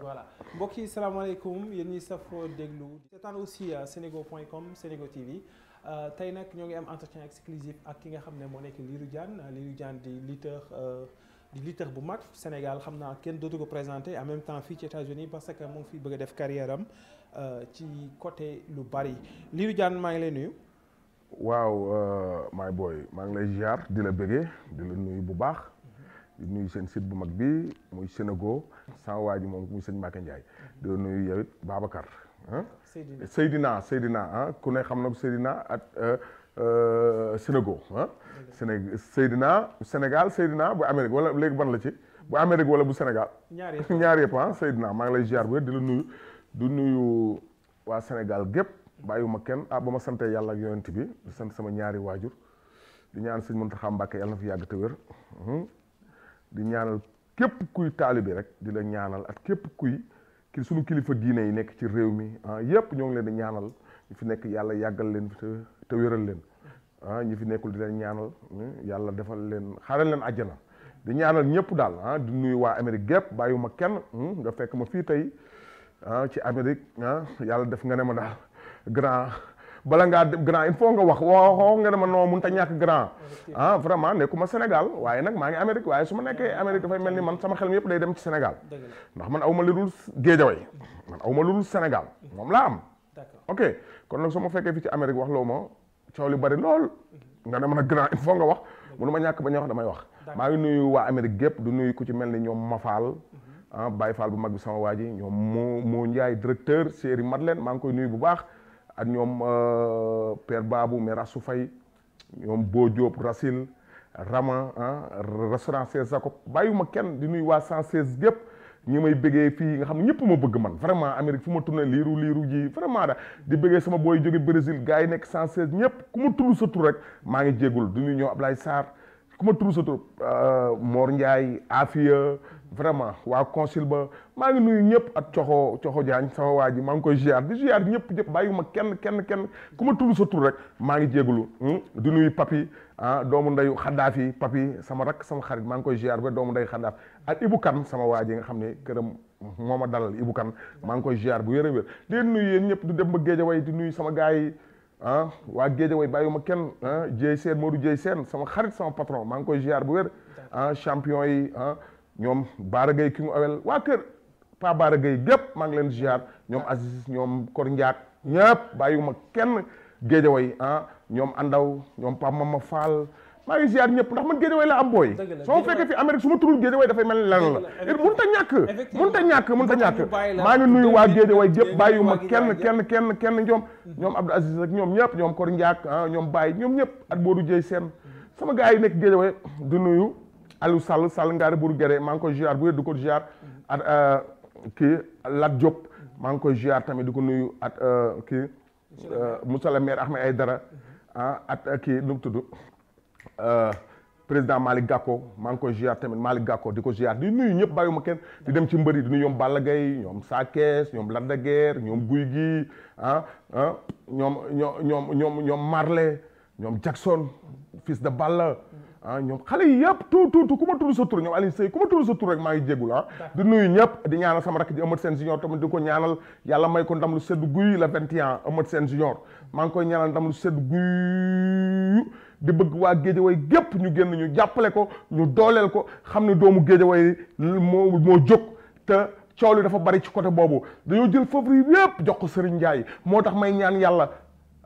voilà mbokk yi salaamaaleykum yéen ñi safoo déglu seetaan aussi senego.com euh, senego TV euh, tey nag ñoo ngi am entretien exclusif ak ki nga xam ne moo nekk Lirou Diane Lirou Diane di lutteur euh, di lutteur bu mag Sénégal xam naa kenn dootu ko présenté en même temps fii ci États-Unis parce que mu ngi fi bëgg a def carrière am ci côté lu bari Lirou Diane maa ngi lay nuyu. waaw my boy maa ngi lay ziar di la bëggee di la nuyu bu baax mm-hmm. di nuyu seen site bu mag bi muy Senego. sama waa ji moom muy sëñ Mbacke Ndiaye di nuyu yow it Babacar ah ah ku ne xam na Seydina at euh, euh, Sénégal ah Séné Seydina Sénégal Seydina bu Amérique wala léegi ban la ci bu Amérique wala bu Sénégal ñaar yëpp ah Seydina maa ngi lay ziar di la du nuyu waa Sénégal gépp bàyyiwuma kenn ah ba ma sante yàlla ak yonent bi di sama ñaari waajur di ñaan sëñ Mountakha Mbacké yàlla na fi yàgg te hmm. di ñaanal képp kuy taalibi rek di la ñaanal ak képp kuy ki suñu kilifa diine yi nekk ci réew mi ah yëpp ñoo ngi leen di ñaanal ñu fi nekk yàlla yàggal leen te wéral leen ah ñi fi nekkul di leen ñaanal hmm, yàlla defal leen xaaral leen àjjana di ñaanal ñëpp daal ah, di nuyu waa Amérique gépp bàyyiwuma kenn hmm, nga fekk ma fii tey ah ci Amérique ah yàlla def nga ne ma daal grand bala ngaa dem grand il faut nga wax waxoo nga ne ma non ta a ñàkk grand ah vraiment nekkuma Sénégal waaye nag maa ngi Amérique waaye su ma nekkee Amérique dafay mel ni man sama xel mi yëpp day dem ci Sénégal ndax man awma lu dul Géejawaay man awma lu dul Sénégal moom laa am ok kon nag su ma fekkee fi ci Amérique wax loo ma coow li bari lool nga ne ma nag grand il faut nga wax ma ñàkk ba ñu wax damay wax maa ngi nuyu waa Amérique gépp du nuyu ku ci mel ni ñoom ma faal ah, Baye Fall bu mag bi sama waa ji ñoom moo moo Ndiaye directeur série Madeleine maa ngi koy nuyu bu baax ak ñoom euh, Père Babou Mera Soufay ñoom Bo Diop Racine Rama ah restaurant Chez Jacob ma kenn di nuyu waa 116 gépp ñu may bëggee fii nga xam ne ñëpp ma bëgg man vraiment Amérique fu ma tourné liiru liiru ji vraiment da di bëggee sama booy jóge Brésil gars yi nekk 116 ñëpp ku ma tudd sa tur rek maa ngi jéggul di nuyu ñoom Ablaye Sarr ku ma tudd sa tur euh, Mor Ndiaye vraiment waa consul ba maa ngi nuyu ñëpp ak coxo coxo jaañ sama waa ji maa ngi koy ziar di ziar ñëpp ñëpp bàyyiwuma kenn kenn kenn ku ma tudd sa tur rek maa ngi jégalu hmm? di nuyu papi ah doomu ndeyu xaddaafi papi sama rakk sama xarit maa ngi koy ziar ba doomu ndeyu xaddaaf ak Ibou sama waa ji nga xam ne këram moo ma dalal Ibou maa ngi koy ziar bu wér a wér di nuyu yéen ñëpp du dem ba Géejawaay di nuyu sama gars yi ah waa Géejawaay bàyyiwuma kenn ah Dieye Sène Modou Dieye Sène sama xarit sama patron maa ngi koy ziar bu wér ah champion yi ah, ñoom Baara Gueye ki mu awel waa kër Pa Baara Gueye gépp maa ngi leen ziar ñoom Aziz ñoom Kor Ndiak ñëpp bàyyiwuma kenn Géejawaay ah ñoom Andaw ñoom Pa Mama Fall maa ngi ziar ñëpp ndax man Géejawaay la am booy soo ma fekkee fi Amérique su ma turul Géejawaay dafay mel ni lenn la mun ñàkk mun ta ñàkk mun maa ngi nuyu waa Géejawaay gépp bàyyiwuma kenn kenn kenn kenn ñoom mhm. ñoom Abdou Aziz ak ñoom ñëpp ñoom Kor Ndiak ah ñoom Baye ñoom ñëpp at boodu jëy seen mhm. sama gars yi nekk Géejawaay du nuyu Aliou Sall Sall ngaari bur gere maa ngi koy ziar bu yee du ko ziar at euh, kii Lat Diop maa ngi koy ziar tamit di ko nuyu at euh, kii euh, Moussa le maire Ahmed Aïdara ah at kii nu mu tudd président Malick Gakko maa ngi koy ziar tamit Malick Gakko di ko ziar di nuyu ñëpp bàyyiwuma kenn di dem ci mbëri di nuyu ñoom Balla Gaye ñoom Sakes ñoom Lac de Guiers ñoom Gouye Gui ah ah ñoom ñoom ñoom ñoom ñoom Marley ñoom Jackson fils de Balla ah ñoom xale yi yëpp tout tout tout ku ma tudd sa tur ñoom Alioune Seye ku ma tudd sa tur rek maa ngi jégul ah di nuyu ñëpp di ñaanal sama rakk ji Amath Sène Junior tamit di ko ñaanal yàlla may ko ndam lu sedd guy la 21 Amath Sène Junior maa ngi koy ñaanal ndam lu sedd guy di bëgg waa géeja Géejawaay gépp ñu génn ñu jàppale ko ñu dooleel ko xam ne doomu Géejawaay moo moo jóg te coow li dafa bari ci côté boobu dañoo jël favori yëpp jox ko Serigne Ndiaye moo tax may ñaan yàlla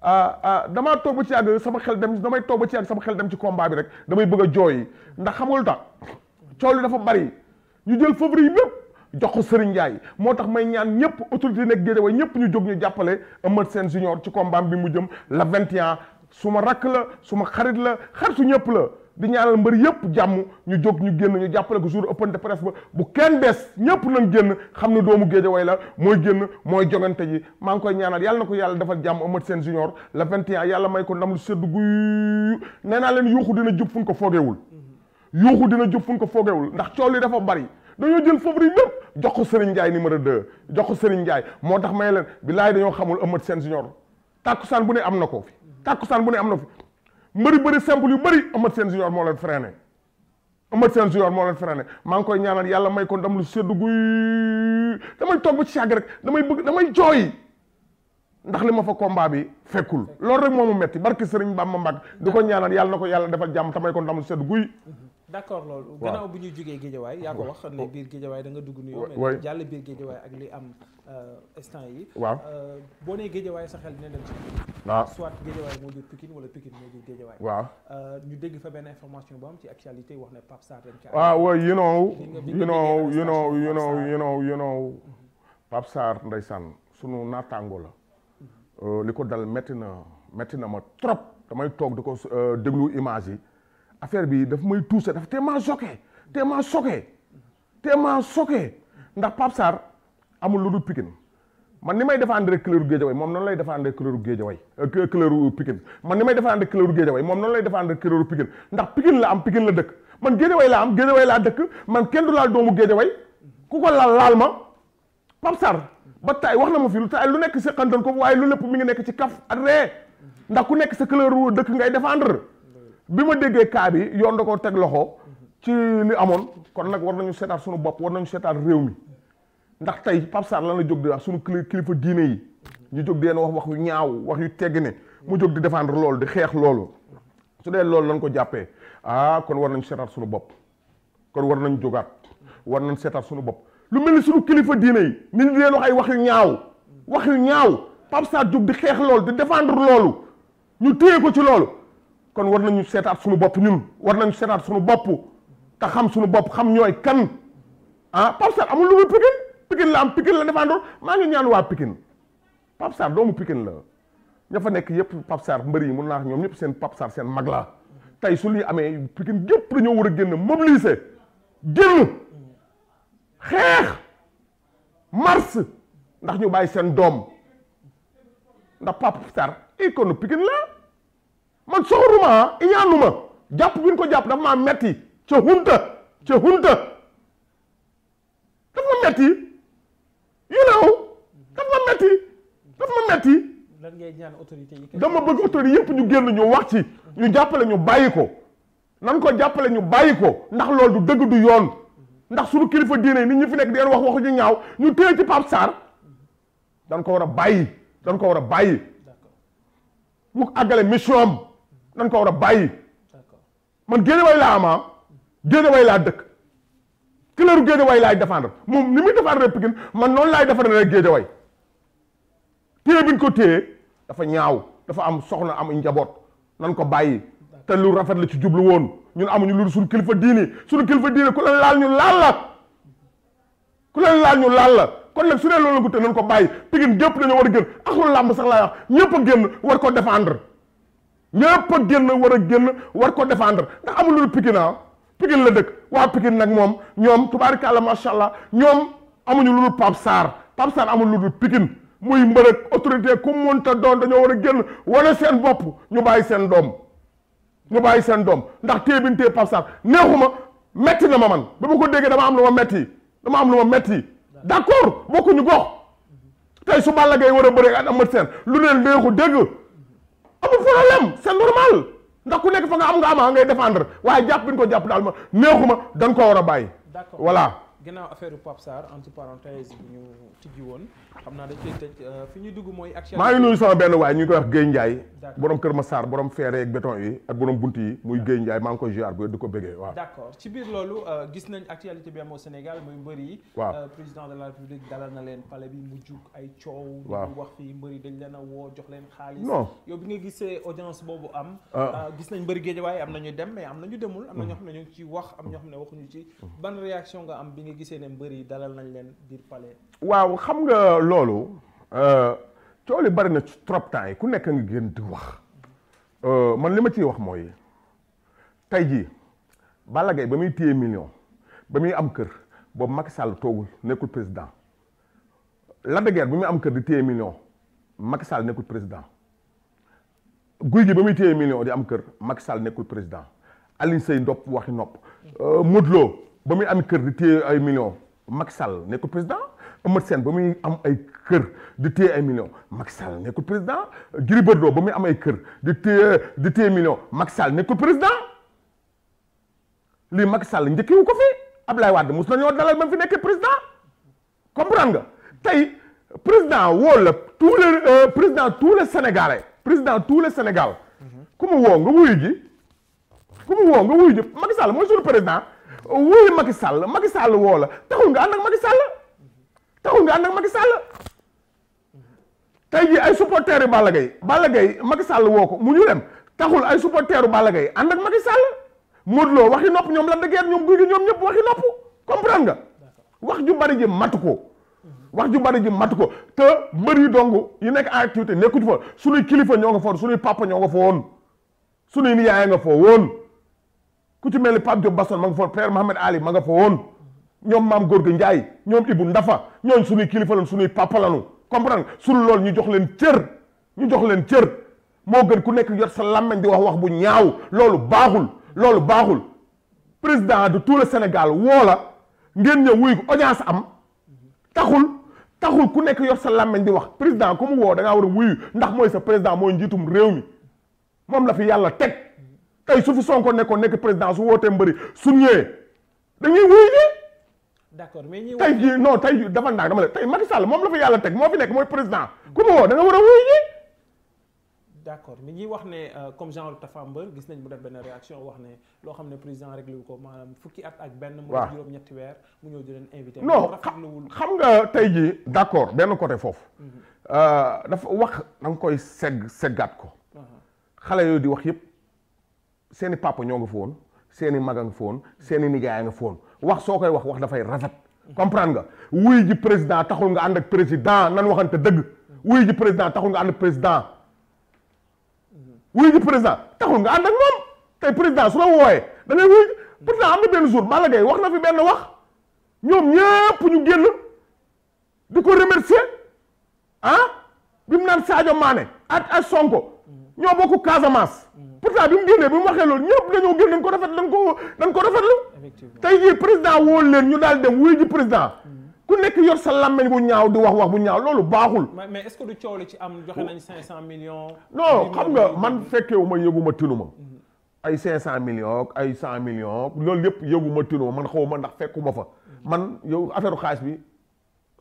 Ah, ah, damaa toog ba ci yàgg sama xel dem damay toog ba ci yàgg sama xel dem ci combat bi rek damay bëgg jooy ndax xamul tax coow li dafa bari ñu jël favori yi bépp jox ko Serigne Ndiaye moo tax may ñaan ñëpp autorité nekk Guédiawaye ñëpp ñu jóg ñu jàppale Eumeu seen junior ci combat bi mu jëm la 21 su ma rakk la su ma xarit la xaritu ñëpp la. di ñaanal mbër yëpp jàmm ñu jóg ñu génn ñu jàppale ko jour ëppante presse ba bu kenn bees ñëpp nañ génn xam ne doomu a Géejawaay la mooy génn mooy jogante ji maa ngi koy ñaanal yàlla na ko yàlla defal jàmm Eumeu Sène junior le 21 yàlla may ko ndam lu sedd guy nee naa leen yuuxu dina jub fu ko foogewul yuuxu dina jub fu ko foogewul ndax coow li dafa bari dañoo jël favori lépp jox ko Serigne Ndiaye numéro 2 jox ko Serigne Ndiaye moo tax may leen billaay dañoo xamul Eumeu Sène junior saan bu ne am na ko fi tàkkusaan bu ne am na fi mbëri bëri simple yu bëri Eumeu Sène junior moo leen freiné Eumeu Sène junior moo leen freiné maa ngi koy ñaanal yàlla may ko ndam lu seddu guy damay toog ba ci yàgg rek damay bëgg damay jooy ndax li ma fa combat bi fekkul loolu rek moomu metti barki sëriñ Bamba Mbàkke di ko ñaanal yàlla na ko yàlla defal jàmm tamay ko ndam lu seddu guy d'accord loolu. waaw gannaaw bu ñu jugee géejawaay yaa ko wax ne oh. biir géejawaay da nga dugg nuyoo. mais jàll biir géejawaay ak li am euh, instant yi waaw euh, boo nee géejawaay sa xel dina dem ci. waaw ah. soit géejawaay wala Pikine moo jur géejawaay. waaw euh, ñu dégg fa benn information bu am ci actualité wax ne Pape Sarr dañ ca. ah oui you know you know mhm. you know sunu naataango la. Mhm. li ko dal metti na metti na ma trop damay toog di ko déglu image yi. affaire bi dafa may tuuse dafa tellement choqué tellement choqué tellement choqué ndax Pape Sarr amul lu dul Pikine man ni may défendre couleur Guédiawaye moom noonu lay défendre couleur Guédiawaye euh, couleur Pikine man ni may défendre couleur Guédiawaye moom noonu lay défendre couleur Pikine ndax Pikine la am Pikine la dëkk man Guédiawaye la am Guédiawaye laa dëkk man kenn du laal doomu Guédiawaye ku ko laal laal ma Pape Sarr ba tay wax na ma fi lu tay lu nekk si xandoon ko waaye lu lépp mu ngi nekk ci kaf ak ree ndax ku nekk sa couleur dëkk ngay défendre bi ma déggee cas bi yoon da ko teg loxo ci li amoon kon nag war nañu seetaat sunu bopp war nañu seetaat réew mi ndax tey Pape Sarr lan la jóg di wax suñu kilifa diine yi ñu jóg di wax wax yu ñaaw wax yu tegg ne mu jóg di défendre loolu di xeex loolu su dee loolu lañ ko jàppee ah kon war nañu seetaat suñu bopp kon war nañu jógaat war nañu seetaat suñu bopp lu mel ni suñu kilifa diine yi ñu di leen ay wax yu ñaaw wax yu ñaaw Pape Sarr jóg di xeex loolu di défendre loolu ñu téye ko ci loolu kon war ñu seetaat suñu bopp ñun war nañu seetaat suñu bopp te xam suñu bopp xam ñooy kan ah Pape Sarr amul lu muy Pikine Pikine la am Pikine la défendre maa ngi ñaan waa pikin Pape Sarr doomu Pikine la ña fa nekk yëpp Pape Sarr mbëri yi mun naa ñoom ñëpp seen Pape seen mag la tey su lii amee Pikine yëpp dañoo war a génn mobiliser génn xeex mars ndax ñu bàyyi seen doom ndax Pape Sarr icône Pikine la man soxoruma iñaanuma jàpp bi ñu ko jàpp dafa maa metti ca hunta ca hunta dafa ma metti you know dafa ma metti dafa ma metti lan ngay ñaan autorité yi bëgg autorité yëpp ñu génn ñu wax ci ñu jàppale ñu bàyyi ko nan ko jàppale ñu bàyyi ko ndax lool du dëgg du yoon ndax suñu kilifa diine yi nit ñi fi nekk di leen wax waxu ñu ñaaw ñu téye ci Pape Sarr dañ ko war a bàyyi dañ ko war a bàyyi mu àggale mission am dañ ko war a bàyyi man Guédiawaye laa am ah. Guédiawaye laa dëkk këleeru Guédiawaye laay défendre moom ni muy défendre Pikine man noonu laay défendre rek Guédiawaye téye bi ko téye dafa ñaaw dafa am soxna am njaboot nan ko bàyyi te lu rafet la ci jublu woon ñun amuñu lu suñu kilifa diini suñu kilifa diini ku leen laal ñu laal la ku leen laal ñu laal la kon nag su dee loolu la ko te nan ko bàyyi Pikine gépp dañoo war a génn ak lu làmb sax laa wax ñëpp a génn war ko défendre. ñëpp a génn war a génn war ko défendre ndax amul lu Pikine ah Pikine la dëkk waa Pikine nag moom ñoom tubaarikàlla macha allah ñoom amuñu lu dul Pape Sarr Pape Sarr amul lu dul Pikine muy mbër ak autorité ku mënta doon dañoo war a génn wane seen bopp ñu bàyyi seen doom ñu bàyyi seen doom ndax téye bi ñu téye Pape Sarr neexuma metti na ma man ba ma ko déggee dama am lu ma metti dama am lu ma metti d'accord bokkuñu gox tey su Balla Gaye war a bëree ak Eumeu Sène lu ne neexu dégg. amul problème c'est normal ndax ku nekk fa nga am nga ama ngay défendre waaye jàpp bi ñu ko jàpp daal ma neexuma dañ ko war a bàyyi. voilà. ginnaaw affaire Pape Sarr entre parenthèse bi ñu tijji woon xam naa dañ koy tëj euh, fi ñu dugg mooy. maa ngi nuyu sama benn waay ñu ngi koy wax Guèye Ndiaye. borom Kër Massar borom feere ak béton yi ak borom bunt yi muy Guèye Ndiaye maa ngi koy ziar bu di ko bëggee waaw. d' accord ci biir loolu euh, gis nañ actualité bi am au Sénégal muy mbër yi. Euh, président de la République dalal na leen palais bi mu jug ay coow. waaw wax fii mbër yi dañ leen a woo jox leen xaalis. non yow bi nga boobu am. Ah. gis nañ mbër géej waaye am na dem mais am na ñu demul. am na ñoo mm. xam ne ñu ci wax am ñoo xam ne waxuñu ci mm. ban ñu gisee ne mbër yi dalal nañ leen biir palais. waaw xam nga loolu euh, coow li bari na trop temps yi ku nekk nga gën di wax euh, man li ma ciy wax mooy tey jii Balla ba muy téye million ba muy am kër boobu Macky Sall toogul nekkul président Lac de Guiers ba am kër di téye million Macky Sall nekkul président Gouye Gui ba muy téye million di am kër Macky Sall nekkul président Alioune Seye ndopp waxi nopp euh, Modou ba muy am kër di téye ay millions Macky Sall nekkul président Amath Sène ba muy am ay kër di téye ay millions Macky Sall nekkul président Gris Bordeaux ba muy am ay kër di téye di téye millions Macky Sall nekkul président lii Macky Sall njëkkiwu ko fi Abdoulaye Wade mos na ñoo dalal ba fi nekkee président comprendre nga tey président woo la tous les euh, président tous les sénégalais président tous les sénégal mhm. ku woo nga wuyu ji ku mu woo nga wuyu ji Macky Sall mooy président wóolu Macky Sall Macky Sall woo la taxul nga ànd ak Macky Sall taxul nga ànd ak Macky Sall tey jii ay supporteurs yu Balla woo ko mu ñu dem taxul ay supporteurs yu Balla Gaye ànd ak Macky Sall Modou Lo waxi nopp ñoom la dëgër ñoom guy gi ñoom ñëpp waxi nopp comprendre nga wax ju bari ji matu ko. wax ju bari ji matu ko te mbër yi dong yi nekk en activité nekkut fa suñuy kilifa ñoo nga fa woon suñuy ñoo nga fa woon suñuy nijaay nga fa woon. ku ci mel ni Pape Diop Basson ma nga fa père Mohamed Ali ma nga fa woon ñoom maam Gorgui Ndiaye ñoom Ibou Ndafa ñooñ suñuy kilifa lañu suñuy papa lañu comprendre loolu ñu jox leen cër ñu jox leen cër moo gën ku nekk yor sa làmmeñ di wax wax bu ñaaw loolu baaxul loolu baaxul président de tout le Sénégal woola ngeen ñëw wuy ko audience am taxul taxul ku nekk yor sa làmmeñ di wax président comme woo da ngaa war a wuyu ndax mooy sa président mooy njiitum réew mi moom la fi yàlla teg tey su fi Sonko nekkoon nekk président su wootee mbëri su ñëwee dañuy wuy ji. d'accord mais ñi tey jii non tey jii dafa naag dama la tey Macky Sall moom la fa yàlla teg moo fi nekk mooy président ku mu woo da war a wuy ji. d'accord mi ngi wax ne euh, comme genre Tafa Mbeur gis nañ mu def benn wax ne loo xam ne président réglé wu ko maanaam fukki at benn. waaw mu juróom ñetti weer mu ñëw di leen invité. non xam nga tey jii d'accord benn côté foofu. Mhm. Euh, dafa wax da nga koy segg seggaat ko. Uh-huh. xale yooyu di wax yëpp. seen i papa ñoo nga fa woon seen i mag seeni nga fa woon wax soo koy wax wax dafay rafet. comprendre nga wuy ji président taxul nga ànd ak président nan waxante dëgg. wuy ji président taxul nga ànd ak président. wuy ji président nga ànd ak moom tey président su la wooyee da ngay wuy pourtant am na benn jour Balla Gaye wax na fi benn wax ñoom ñëpp ñu génn di ko remercier ah bi mu naan Sadio Mané at ak Sonko. ñoo bokk Casamance. Mm-hmm. pourtant bi mu génnee bi mu waxee loolu ñëpp dañoo génn dañ ko rafet dañ ko dañ ko rafetlu. tey jii président woo leen ñu daal dem wuyu ji président. Mm-hmm. ku nekk yor sa làmmeñ bu ñaaw di wax wax bu ñaaw loolu baaxul. mais est-ce ci am joxe nañ 500 millions. non xam nga man fekkewu ma yëgu ma ma. Mm-hmm. ay 500 millions ay 100 millions loolu yëpp yëgu ma tinu ma man xaw ma ndax fekku ma fa. man yow affaire xaalis bi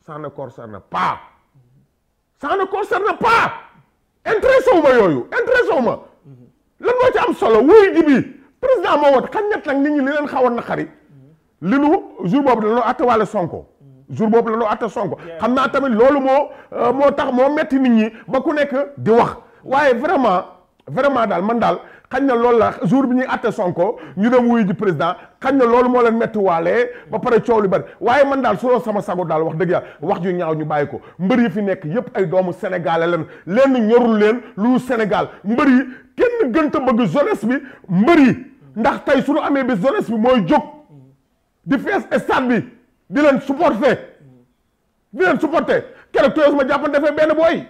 ça ne concerne pas. ça ne concerne pas. intéressé wu ma yooyu intéressé wu ma lan moo ci am solo wuy ji bi président moo wat xañ ñett nag nit ñi li leen xawoon na xari li nu jour boobu dañoo atte wàlle sonko jour boobu dañoo atte sonko xam naa tamit loolu moo moo tax moo metti nit ñi ba ku nekk di wax waaye vraiment vraiment daal man daal xañ na loolu la jour bi ñuy àtte Sonko ñu dem wuyu ji président xañ na loolu moo leen metti ba pare coow lu bari waaye man daal su sama sago daal wax dëgg yàlla wax ju ñaaw ñu bàyyi ko mbër yi fi nekk yépp ay doomu sénégalais leen lenn ñorul leen lu Sénégal mbër yi kenn gënta bëgg jeunesse bi mbër yi ndax tey suñu amee bi jeunesse bi mooy jóg di fees stade bi di leen supporter di leen supporter keroog toyos ma jàppan dafay benn booy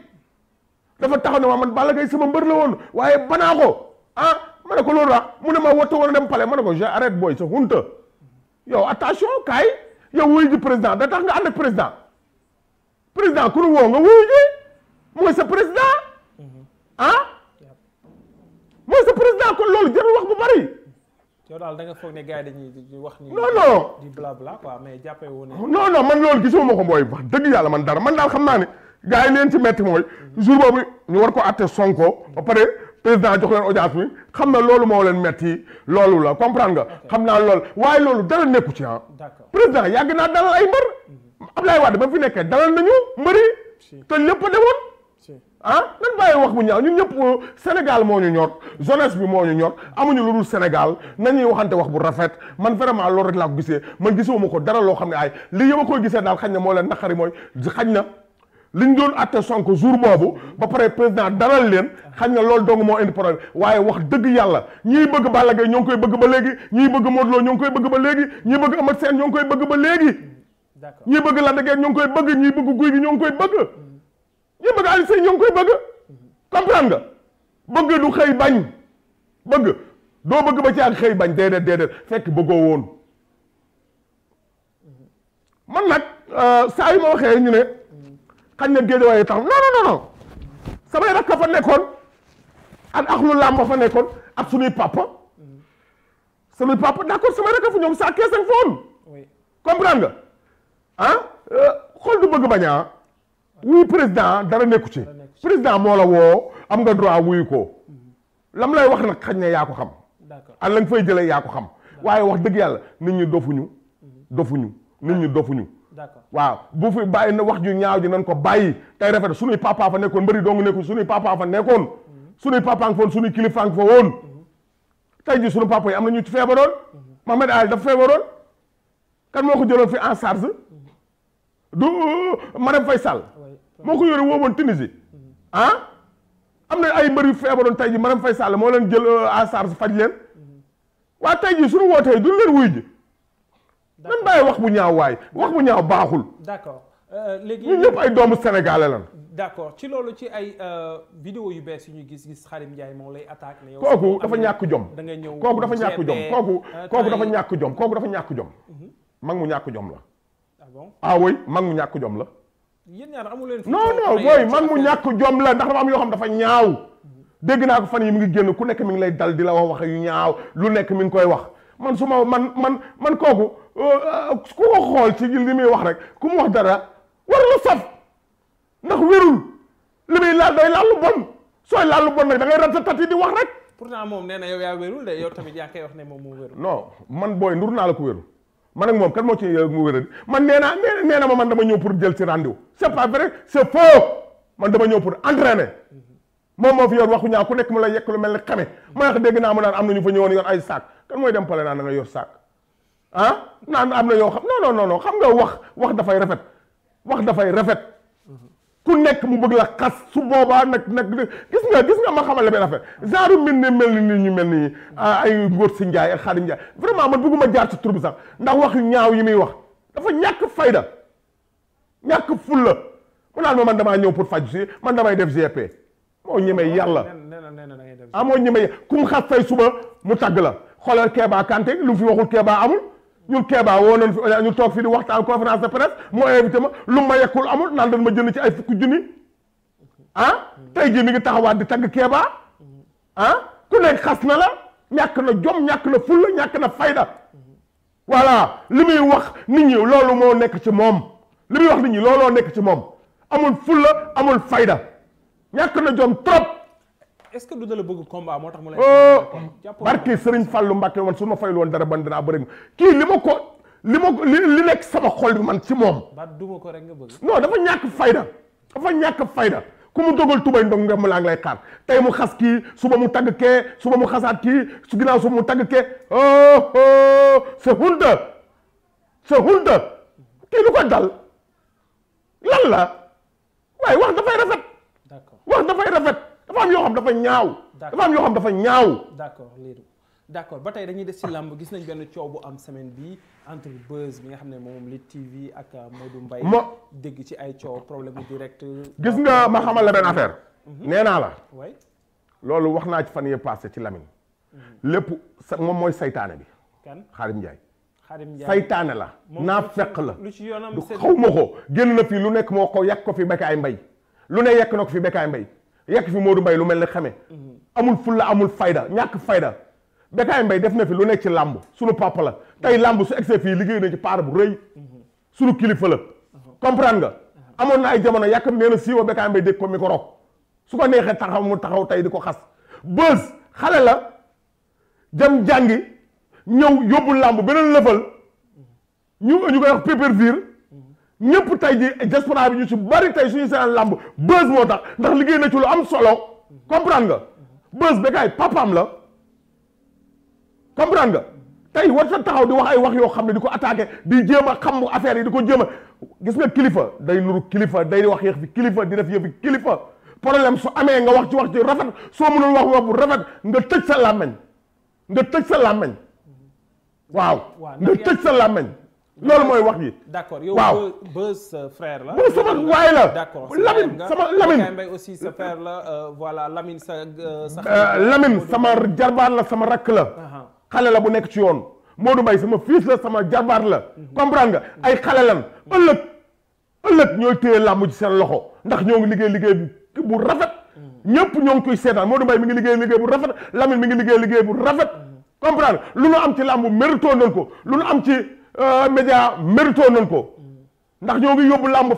dafa taxaw ne ma man Balla Gaye sama mbër la woon waaye banaa ko ah ma ne ko loolu la mu ne ma woto woon dem palais ma ne ko j'arrête booy sa hunta yow attention kaay yow wuyu ji président da tax nga ànd président président ku nu woo nga wuyu ji mooy sa président ah mooy sa président kon loolu jarul wax bu bari yow daal da nga foog ne gars yi dañuy wax. non non di blabla quoi mais jàppee woon oh, non man loolu gisuma ko mooy wax dëgg yàlla man dara man daal xam naa ne gars yi leen ci mooy jour boobu ñu war ko àtte Sonko ba pare. président jox leen audience bi xam na loolu moo leen metti loolu la comprendre nga. xam naa lool waaye loolu dara nekku ci ah. président yàgg naa dalal ay mbër. Abdoulaye Wade ba fi nekkee dalal nañu mbëri. te lépp demoon. ah nan bàyyi wax bu ñaaw ñu ñëpp Sénégal moo ñu ñor jeunesse bi moo ñu ñor amuñu lu dul Sénégal nañuy waxante wax bu rafet man vraiment loolu rek laa ko gisee man ma ko dara loo xam ne ay li yëma koy gisee daal xañ na moo leen naxari mooy xañ na. li ñu doon àtte Sonko jour boobu ba pare président dalal leen xañ na lool dong moo indi problème waaye wax dëgg yàlla ñii bëgg Balla Gaye ñoo koy bëgg ba léegi ñiy bëgg Modou Lo ñoo koy bëgg ba léegi ñiy bëgg Eumeu Sène ñoo koy bëgg ba léegi ñiy bëgg Lac de Guiers ñoo ngi koy bëgg ñiy bëgg Gouye Gui ñoo ngi koy bëgg ñiy bëgg Aliou Sèye ñoo koy bëgg comprendre nga bëgg du xëy bañ bëgg doo bëgg ba ci ak xëy bañ déedéet déedéet fekk bëggoo woon man nag euh, saa yu ma waxee ñu ne xañ na géejawaay tax non non non samay rakk fa nekkoon ak axlu làmb fa nekkoon ak suñuy papa suñuy papa d'accord samay rakk fa ñoom saa kees ak foon. comprendre ah, euh, xool du bëgg bañ a wuy ah. président dara nekku ci président moo la woo am nga droit wuyu ko lam lay wax nag xañ na yaa ko xam. d'accord ak la nga fay jëlee yaa ko xam. waaye wax dëgg yàlla nit ñi dofuñu. Mhm. dofuñu nit ñi dofuñu. d'accord waaw bu fi bàyyi na wax ju ñaaw ji nan ko bàyyi tey rafet suñuy papa fa nekkoon mbëri dong nekkoon suñuy papa fa nekkoon mhm. suñuy papa nga fa woon suñuy kilifa nga fa woon tey ji suñu papa yi am na ñu ci feebaroon mhm. Mohamed Ali dafa feebaroon kan moo ko jëloon fi en charge mhm. du Marème Faye Sall moo ko yore woowoon Tunisie ah am na ay mbër yu feebaroon tey ji Marème Faye Sall moo leen jël euh, en charge faj leen waa tey ji suñu wootee duñ leen wuy ji nan bàyyi wax bu ñaaw waay wax bu ñaaw baaxul. d'accord euh, léegi ñun ñëpp ay doomu sénégalais lan d'accord ci loolu ci ay euh, vidéo yu bees yu ñu gis-gis Khadim Ndiaye moom lay attaque ne yow. kooku dafa ñàkk jom da nga ñëw kooku dafa ñàkk jom kooku euh, kooku dafa ñàkk jom kooku dafa ñàkk jom. Mhm. mag mu ñàkk jom la. ah bon ah mag mu ñàkk jom la. yéen ñaar amu leen. non non mooy mu ñàkk jom la ndax dafa am yoo xam dafa ñaaw. dégg naa ko fan yi mi ngi génn ku nekk mi ngi lay dal di la wax wax yu ñaaw lu nekk mu ngi koy wax man su ma man man man kooku ku ko xool ci li muy wax rek ku mu wax dara war la saf ndax wérul li muy laal day laal lu bon sooy laal lu bon nag da ngay sa tat di wax rek. na yow yaa wérul de yow tamit yaa koy wax ne moom moo wérul. non man booy ndur naa la ko wérul man moom kan moo ci euh, mu wérul na ma man dama ñëw pour jël ci rendez-vous c'est pas dama ñëw pour entraîner. moom moo fi yor waxu ku nekk mu la yekk lu mel ni xame. ma ne dégg naa mu naan am na ñu fa ñëwoon yor ay saak kan mooy dem pale naan da nga saak. ah naan am na yoo xam non non non xam nga wax wax dafay rafet wax dafay rafet ku nekk mu bëgg la xas su boobaa nag nag gis nga gis nga ma xamal la benn affaire genre mbir ne mel ni mel ni ah, ay Ngóor si Njaay ak Xaadim Njaay vraiment man bëgguma jaar ci tur bi sax ndax wax yu ñaaw yi muy wax dafa ñàkk fayda ñàkk fulla mu naan ma man damaa ñëw pour faj si man damay def GP moo ñemee yàlla ah moo ñemee ku mu xas fay suba mu tagg la xoolal Keba Kanté lu mu fi waxul amul. ñun Kéba woo nañu fi eh, ñu toog fii di waxtaan conférence de presse moo invité ma lu ma yekkul amul naan dañ ma jënd ci ay fukki junni ah tey jii mi ngi taxawaat di tagg Kéba ah? ku nekk xas na la ñàkk na jom ñàkk na fulla ñàkk na fayda voilà li muy wax nit ñi loolu moo nekk ci moom li muy wax nit ñi looloo nekk ci moom amul fulla amul fayda ñàkk na jom trop est-ce que du la bëgg combat tax mu lay. Oh! barki Serigne Fallou Mbacke man su ma fayul woon dara ban dinaa bëri kii li ma ko li ma li nekk sama xol bi man ci moom. ba rek nga bëgg. non dafa ñàkk fayda dafa ñàkk fayda ku mu dogal tubay ndong nga mu laa ngi lay xaar tey mu xas kii suba mu tagg kee suba mu xasaat kii su ginnaaw suba mu tagg kee oh oh c'est hunde kii lu ko dal lan waaye wax dafay rafet. wax dafay rafet. dafa am yoo xam dafa ñaaw. dafa am yoo xam dafa ñaaw. d'accord Lirou d'accord ba tey dañuy des ci làmb gis nañ benn coow bu am semaine bi entre Buzz bi nga xam ne moom li TV ak euh, Modou Mbaye ma dégg ci ay coow problème bu direct. gis nga ma xamal la benn affaire. Mhm. nee naa la. waay loolu wax naa ci fan yee passé ci lamin mhm. lépp sa moom mooy seytaane bi. kan Xaadim Ndiaye. Xaadim Ndiaye saytaane la. naa fekk la lu ci yoonam xaw ma ko génn na fii lu nekk moo ko yàq ko fi Bécaye Mbaye lu ne yekk na ko fi Bécaye mbay yekk fi du mbay lu mel ne xamee mhm. amul fulla amul fayda ñàkk fayda Bécaye Mbaye def na fi lu nekk ci làmb suñu papa la tey làmb su egsee fii liggéey na ci paar bu rëy mhm. suñu kilifa la mhm. comprendre nga amoon na ay jamono yàkkam nee na siiwa Bécaye Mbaye dégg ko micro su ko neexee taxaw mu taxaw tey di ko xas bës xale la jëm jàngi ñëw yóbbu làmb beneen lëfal ñu ñu koy wax ñëpp tey ji diaspora bi ñu ci bari tey suñu seen làmb bës moo tax ndax liggéey na ci lu am solo comprendre nga bës Bécaye papaam la comprendre nga tey war sa taxaw di wax ay wax yoo xam ne di ko attaqué di jéem xam mu affaire yi di ko jéem a gis nga kilifa day nuru kilifa day wax yëf fi kilifa di def yëf fi kilifa problème su amee nga wax ci wax ci rafet soo mënul wax wax bu rafet nga tëj sa làmmeñ nga tëj sa làmmeñ waaw nga tëj sa làmmeñ loolu mooy wax yi. d'accord yow Beuz sa euh, frère la. Beuz sama waay la. d'accord sama Lamine. Kay Mbaye aussi sa frère la euh, voilà Lamine sa euh, sa. Lamine sama jarbaar la sama rakk la. Uh-huh. xale la bu nekk ci yoon. du mbay sama fils la sama jarbaar la. Mm-hmm. comprendre nga mm-hmm. ay xale lan mm-hmm. ëllëg ëllëg ñooy téye làmb ci seen loxo ndax ñoo ngi liggéey liggéey bu rafet. ñëpp ñoo ngi koy moo Modou Mbaye mi ngi liggéey liggéey bu rafet Lamine mi ngi liggéey liggéey bu rafet. comprendre lu nu am ci làmb méritoo nañ ko lu nu am ci. Euh, média mérito nañ ko ndax ñoo ngi yóbbu làmb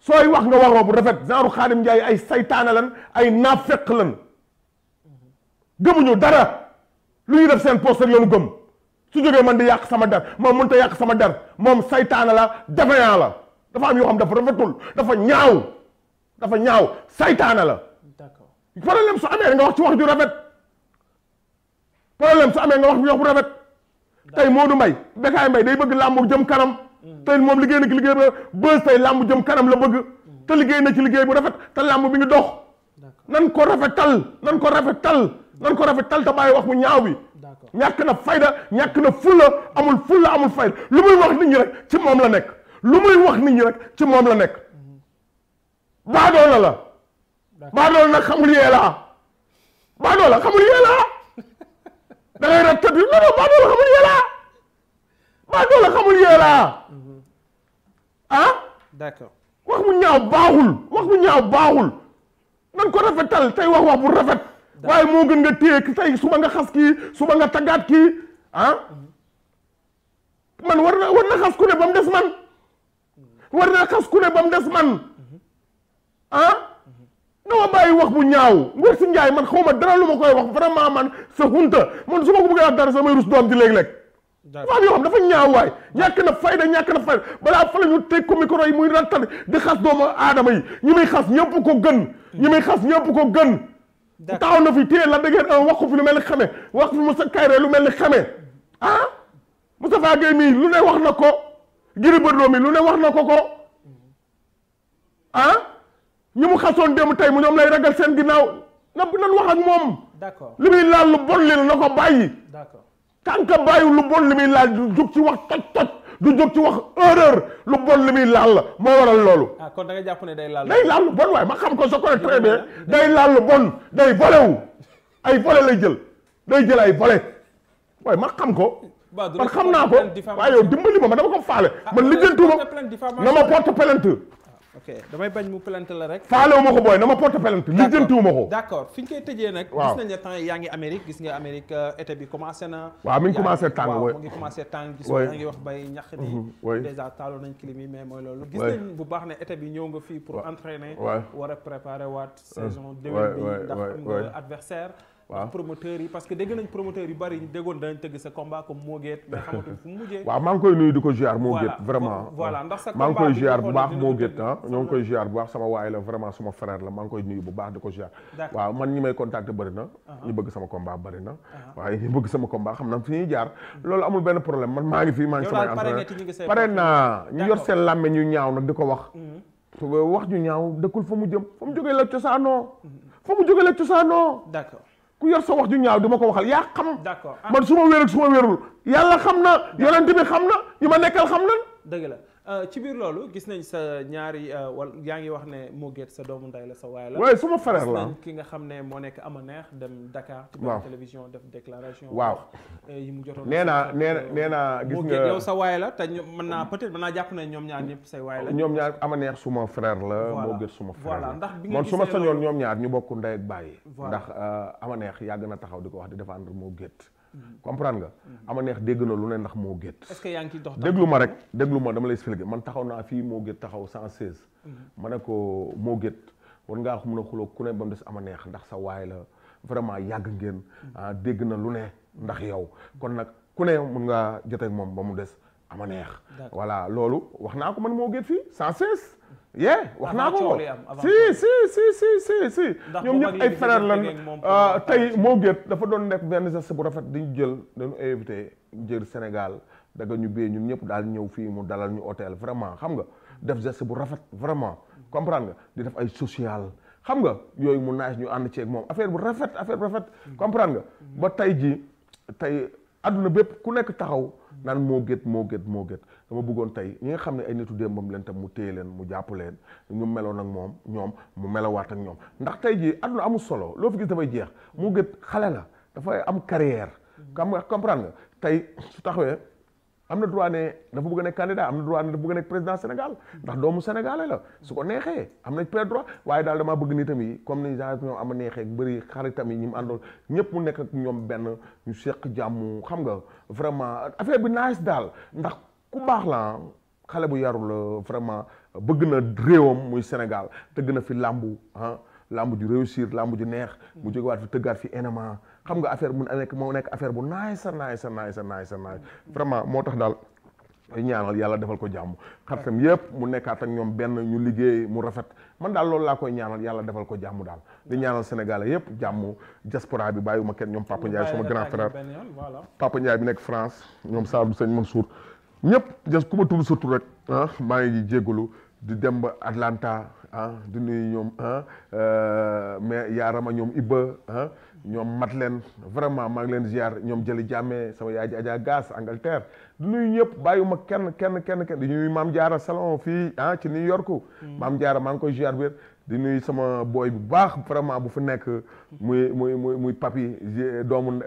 sooy wax nga waroo bu rafet genre Xaadim Njaay ay saytaane lan ay naafeq lan gëmuñu dara lu ñuy def seen poste yoonu gëm su jógee man di yàq sama der moom mënut a yàq sama der moom saytaane la défaillant la dafa am yoo xam dafa rafetul dafa ñaaw dafa ñaaw saytaane la problème su amee nga wax ci wax ju rafet problème su amee nga wax ci wax bu rafet tey Modou Mbaye Bécaye Mbaye day bëgg làmb jëm kanam tey moom liggéey na ci liggéey ba bës tey làmb jëm kanam la bëgg liggéey na ci liggéey bu rafet te làmb bi ngi dox nan ko rafetal nan ko rafetal nan ko rafetal te bàyyi wax mu ñaaw bi ñàkk na fayda ñàkk na fulla amul fulla amul fayda lu muy wax nit ñi rek ci moom la nekk lu muy wax nit ñi rek ci moom la nekk baadoola la baadoola nag xamul yeelaa baadoola xamul yeelaa da ngay nag tëdd non non baadoola xamul yéelaa baadoola xamul yéelaa ah. d'accord wax mu ñaaw baaxul wax mu ñaaw baaxul nan ko rafetal tey wax wax bu rafet. waaye moo gën nga téye tey suba nga xas kii suba nga taggaat ki ah? man war na war na xas ku ne ba mu des man war na xas ku ne ba mu des man ah. na ma bàyyi wax bu ñaaw Ngor si Njaay man xaw ma dara lu ma koy wax vraiment man sa hunta man su ma ko bëggee wax dara samay rus doom di léeg lekk waaw yoo xam dafa ñaaw waay ñàkk na fayda ñàkk na fayda balaa fa la ñu teg ko micro yi muy rattal di xas doomu aadama yi ñi muy xas ñëpp ko gën ñi muy xas ñëpp ko gën taxaw na fi téye la dëggeen un fi lu mel ni xame wax fi sa Kayré lu mel ni xame ah Moustapha Gueye mii lu ne wax na ko Gris Bordeaux mi lu ne wax na ko ko ah ñi mu xasoon démb tey mu ñoom lay ragal seen ginnaaw na nan wax ak moom. d'accord li muy laal lu bon li na ko bàyyi. d'accord tant que bàyyi lu bon li muy laal du jóg ci wax toj toj du jóg ci wax erreur lu bon li muy laal la moo waral loolu. Ah, kon da jàpp ne day laal. day laal lu bon waaye ma xam ko sa ko très bien day laal lu bon day volé ay volé lay jël day jël ay volé waaye ma xam ko. man xam naa ko waaye yow dimbali ma ma dama ko faale. Ah, man lijjantu na ma porte plainte ok damay bañ mu plainte la rek. faalewu ma ko booy na ma porte plainte lijjantiwu ma ko. d' fi ñu koy nag. gis yaa ngi Amérique gis nga Amérique euh, été bi na. waaw mi ngi commencé tàng waaw mu ngi commencé tàng. gis nga ngi wax bay ñax ni mhm, dèjà taaloon nañ yi mais mooy loolu. gis nañ bu baax ne été bi ñëw nga fii pour entraîner. waay war a préparer waat mm. saison. waay waay waay déwén bi ndax adversaire. waaw promoteur yi parce que dégg nañ promoteur yu bari ñu déggoon koy nuyu di ko ziar vraiment voilà ndax sa combat maa ngi koy ziar bu baax koy ziar bu baax sama waay la vraiment sama frère la maa ngi koy nuyu bu baax di ko ziar waaw man ñi may contacté bëri na uh-huh. bëgg sama combat bëri na uh-huh. ñu bëgg sama combat xam na ñuy jaar mm-hmm. loolu amul benn problème man maa ngi fii maa ngi pare naa ñu yor seen làmme ñu ñaaw nag di ko wax mm-hmm. wax ñu ñaaw dëkkul fa mu jëm fa mu jógee la cosaanoo mm-hmm. fa mu jógee la cosaanoo ku yor sa wax ju ñaaw duma ko waxal yaa xam. d'accord man su ma wéer ak su ma wéerul yàlla xam na yonent bi xam na ñi ma nekkal xam na. dëgg la. Euh, ci biir loolu gis nañ sa ñaari euh, wal yaa ngi wax ne Moguette sa doomu nday la sa waay la. waaye suma frère la ki nga xam ne moo nekk ama neex dem Dakar. waaw télévision def déclaration. waaw euh, yi mu jotoon. nee naa nee na nee naa la te mën naa peut-être mën jàpp ne ñoom ñaar ñëpp say waay ñoom ñaar ama neex suma frère la. voilà Moguette suma ndax bi su ma sañoon ñoom ñaar ñu bokk ndey ak bàyyi. ndax ama neex yàgg na taxaw di ko wax di moo Moguette comprendre nga. ama neex dégg na lu ne ndax moo gét. est yaa ngi ciy dox déglu ma rek déglu ma dama lay expliquer man taxaw naa fii moo gét taxaw 116. Mhm. ma ne ko moo gét war ngaa mun a xuloo ku ne ba mu des a neex ndax sa waay la vraiment yàgg ngeen. Mhm. Ah, dégg na lu ne ndax yow kon nag ku ne mun ngaa jotee moom ba mu des ama neex. voilà loolu wax naa ko man moo gét fii 116. yee wax naa ko ko si si si si si si ñoom ñëpp ay frère lan ah, tey moo gét dafa doon nekk benn geste bu rafet ñu jël dañu invité jër Sénégal daga ñu bee ñun ñëpp daal ñëw fii mu dalal ñu hôtel vraiment xam nga def geste bu rafet vraiment comprendre nga di def ay social xam nga yooyu mu naaj ñu ànd ceeg moom affaire bu rafet affaire bu rafet mm. comprendre nga mm. ba tey ji tey àdduna bépp ku nekk taxaw nan moo gét moo gét moo gét dama buggoon tey ñi nga xam ne ay nitu démbam leen tam mu téye leen mu jàpp leen ñu meloon ak moom ñoom mu melowaat ak ñoom ndax tey jii àdduna amul solo loo fi gis dafay jeex moo gét xale la dafay am carrière mm-hmm. xam nga nga tey su taxawee am na droit ne dafa bëgg a nekk candidat am na droit ne dafa bëgg a nekk président Sénégal ndax doomu sénégalais su ko neexee am na plein droit waaye daal damaa bëgg nitam yi comme ni genre ñoom ama neexee ak bëri xaritam yi ñi mu àndoon ñëpp mu nekk ak ñoom benn ñu seq jàmm xam nga vraiment affaire bi nice daal ndax ku baax la xale bu yarul vraiment bëgg na réewam muy Sénégal tëgg na fi làmbu ah làmb ju réussir làmb ju neex mu waat fi tëggaat fi enema xam nga affaire bu nekk moo nekk affaire bu naay sa naay sa naay sa naay sa naay vraiment moo tax daal ñaanal yàlla defal ko jàmm xaritam yëpp mu nekkaat ak ñoom benn ñu liggéey mu rafet man daal loolu laa koy ñaanal yàlla defal ko jàmm daal di ñaanal sénégalais yëpp jàmm diaspora bi bàyyiwuma kenn ñoom Papa Ndiaye sama grand frère Papa Ndiaye bi nekk France ñoom Sadou Sëñ Mansour ñëpp jas ku ma tudd surtout rek ah maa ngi jéggalu di dem ba Atlanta ah di nuyu ñoom ah euh, mais yaarama ñoom Ibba ah ñoom mat leen vraiment maa ngi leen ziar ñoom jëli jàmmee sama yaay ji Adja Gass Angleterre du nuyu ñëpp bàyyiwuma kenn kenn kenn kenn di ñuy maam jaara salon fii ah ci New York. Mm. maam jaara maa ngi koy ziar di nuyu sama booy bu baax vraiment bu fi nekk muy muy muy muy papi doomu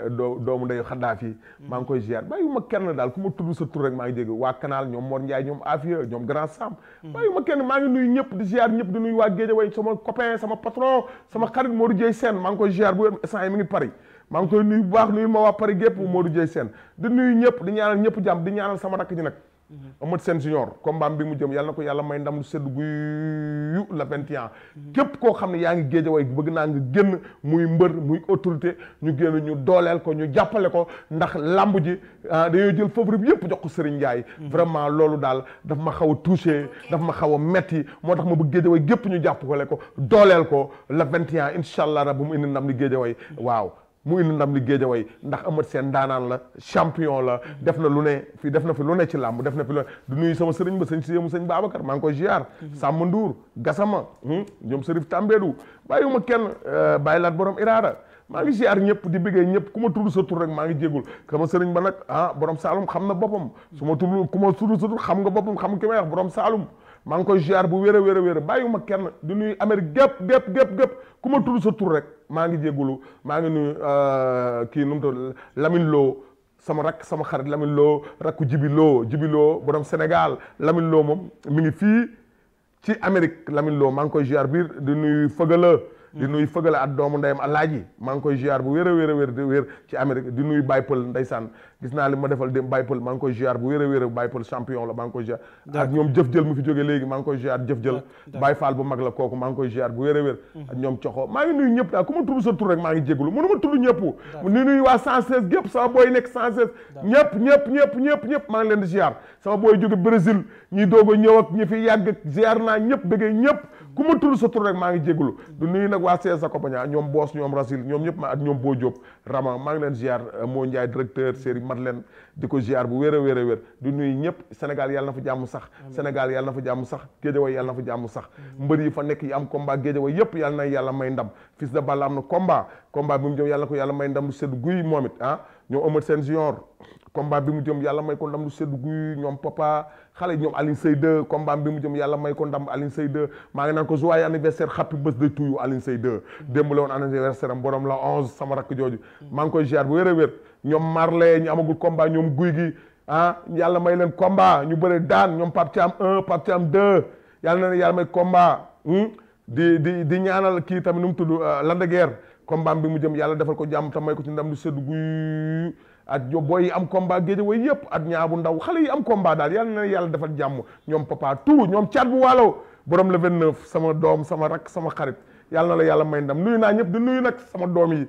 doomu ndeyu xaddaafi maa ngi koy ziar bàyyi ma kenn daal ku ma tudd sa tur rek maa ngi dégg waa canal ñoom Mor Ndiaye ñoom Afia ñoom Grand Sam hmm. bàyyi ma kenn maa ngi nuyu ñëpp di ziar ñëpp di wa waa Guédiawaye sama copain sama patron sama xarit Modou Dieye Sène maa ngi koy ziar bu instant yi mi ngi Paris maa ngi koy nuyu bu baax nuyu ma waa Paris gépp Modou Dieye Sène di nuyu ñëpp di ñaanal ñëpp jàmm di ñaanal sama rakk ji Mhm. Amat Sène junior combat bi mu jëm yàlla na ko yàlla may ndam lu sedd guyu la 21. képp koo xam ne yaa ngi géejawaay bëgg naa nga génn muy mbër muy autorité ñu génn ñu dooleel ko ñu jàppale ko ndax làmb ji ah, dañoo jël favori bi yëpp jox ko Serigne Ndiaye. Mhm. vraiment loolu daal daf ma xaw a touché daf ma xaw a metti moo tax ma bëgg géejawaay gépp ñu jàppale ko dooleel ko la 21 incha allah rab bu mu indi ndam li géejawaay mhm. waaw. mu indi ndam li Géejawaay ndax Eumeu Sène daanaan la champion la def na lu ne fi def na fi lu ne ci làmb def na fi lu ne du nuyu sama sëriñ ba sëñ Siyemu sëñ Babacar maa ngi koy ziar. Samba Ndour Gassama hmm, ñoom Serif Tambédou ma kenn euh, bàyyi laat borom iraada maa ngi ziar ñëpp di biggee ñëpp ku ma tudd sa tur rek maa ngi jégul sama sëriñ ba nag ah borom Saalum xam na boppam su ma tudd ku ma tudd sa tur xam nga boppam xam ki may wax borom Saalum maa ngi koy ziar bu wér a wér a wér bàyyiwuma kenn di nuy Amérique gépp gépp gépp gépp ku ma sa tur rek maa ngi jégalu maa ngi nuyu euh, kii nu mu tudd Lamine sama rakk sama xarit Lamine Lo rakku Jibi Lo Jibi Lo borom Sénégal Lamine Lo moom mi ngi fii ci Amérique Lamine Lo maa ngi koy ziar biir di nuy Fëgala di nuy fëgale at doomu ndeyam a maa ngi koy ziar bu wér a wér a wér wér ci di nuy Baye Pël ndeysaan gis naa li ma defal dem Baye Pël maa ngi koy ziar bu wér a wér Baye Pël champion la maa ngi koy ziar ak ñoom jëf jël mu fi jóge léegi maa koy ziar jëf jël Baye Fall bu mag la kooku maa ngi koy ziar bu wér a wér ak ñoom coxo maa ngi nuy ñëpp daal ku ma tudd sa tur rek maa ngi jégalu mënu ma tudd ñëpp ni nuy waa 116 gépp sama booy nekk 116 ñëpp ñëpp ñëpp ñëpp ñëpp maa ngi leen di ziar sama booy jóge Brésil ñi doog a ñëw ak ñi fi yàgg naa ñëpp bëggee ñëpp ku ma tudd sa tur rek maa ngi jégalu du nuyu nag waa CS Accompagna ñoom Boos ñoom Rasil ñoom ñëpp ma ak ñoom Boo Diop Rama maa ngi leen ziar euh, moo Ndiaye directeur mat leen di ko ziar bu wér a wér a du nuyu ñëpp Sénégal yàlla na fa jàmm sax Sénégal yàlla na fa jàmm sax Géejawaay yàlla na fa jàmm sax mbër yi fa nekk yi am combat Géejawaay yëpp yàlla na yàlla may ndam fils de Balla am na combat combat bi mu jëm yàlla ko yàlla may ndam lu sedd guy moom it ah ñoo ëmat seen junior combat bi mu jëm yàlla may ko ndam lu seddu guy ñoom papa xale ñoom Alioune Seye 2 combat bi mu jëm yàlla may ko ndam Alioune Seye 2 maa ngi naan ko joyeux anniversaire happy birthday to you Alioune Seye 2 démb la woon anniversaire am borom la 11 sama rakk jooju maa ngi koy ziar bu wér a wér ñoom Marley ñu amagul combat ñoom guy gi ah, yàlla may leen combat ñu bëre daan ñoom Pape Thiam 1 Pape na leen yàlla may hmm? di di di ñaanal kii tamit nu mu tudd euh, Lac de Guiers combat bi mu jëm yàlla defal ko jàmm tam may ci ndam lu seddu ak booy yi am combat géejaway yëpp ak ñaabu ndaw xale yi am combat daal yàlla na yàlla defal jàmm ñoom papa tout ñoom caat bu waalaw borom le 29 sama doom sama rak sama xarit yàlla na la yàlla may ndam nuyu naa ñëpp di nuyu nag sama doom yi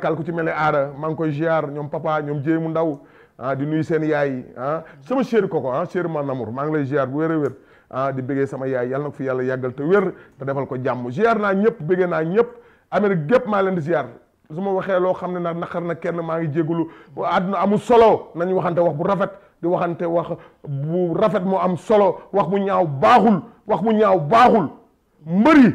kal ku ci mel ne aada maa ngi koy ziar ñoom papa ñoom jéemu ndaw ah di nuyu seen yaay ah sama chéri koko ah chéri man amour maa ngi lay ziar bu wér a wér ah di bëggee sama yaay yàlla na ko fi yàlla yàggal te wér defal ko jàmm ziar naa ñëpp bëggee naa ñëpp Amérique gépp maa leen di ziar su ma waxee loo xam ne na naqar na kenn maa ngi jégalu àdduna amu solo nañ waxante wax bu rafet di waxante wax bu rafet mu am solo wax bu ñaaw baaxul wax bu ñaaw baaxul mbëri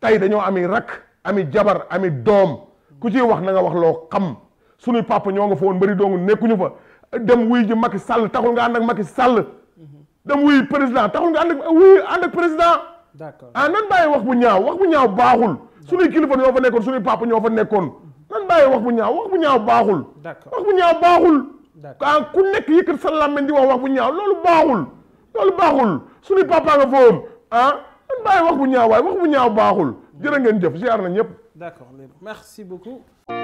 tey dañoo ami rakk ami jabar ami doom ku ciy wax na wax loo xam suñuy papa ñoo ngi fa woon mbëri doongu nekkuñu fa dem wuy ji Macky Sall taxul nga ànd ak Macky Sall dem wuy président taxul nga ànd ak wuy ànd ak président ah nan bàyyi wax bu ñaaw wax bu ñaaw baaxul suñuy kilifa ñoo fa nekkoon suñuy papa ñoo fa nekkoon nan bàyyi wax bu ñaaw wax bu ñaaw baaxul wax bu ñaaw baaxul ah ku nekk yëkkat sa làmmiñ di wax wax bu ñaaw loolu baaxul loolu baaxul suñuy papa nga foofu ah nan bàyyi wax bu ñaaw waaye wax bu ñaaw baaxul jërë ngeen jëf ziar na ñëpp d'accord merci beaucoup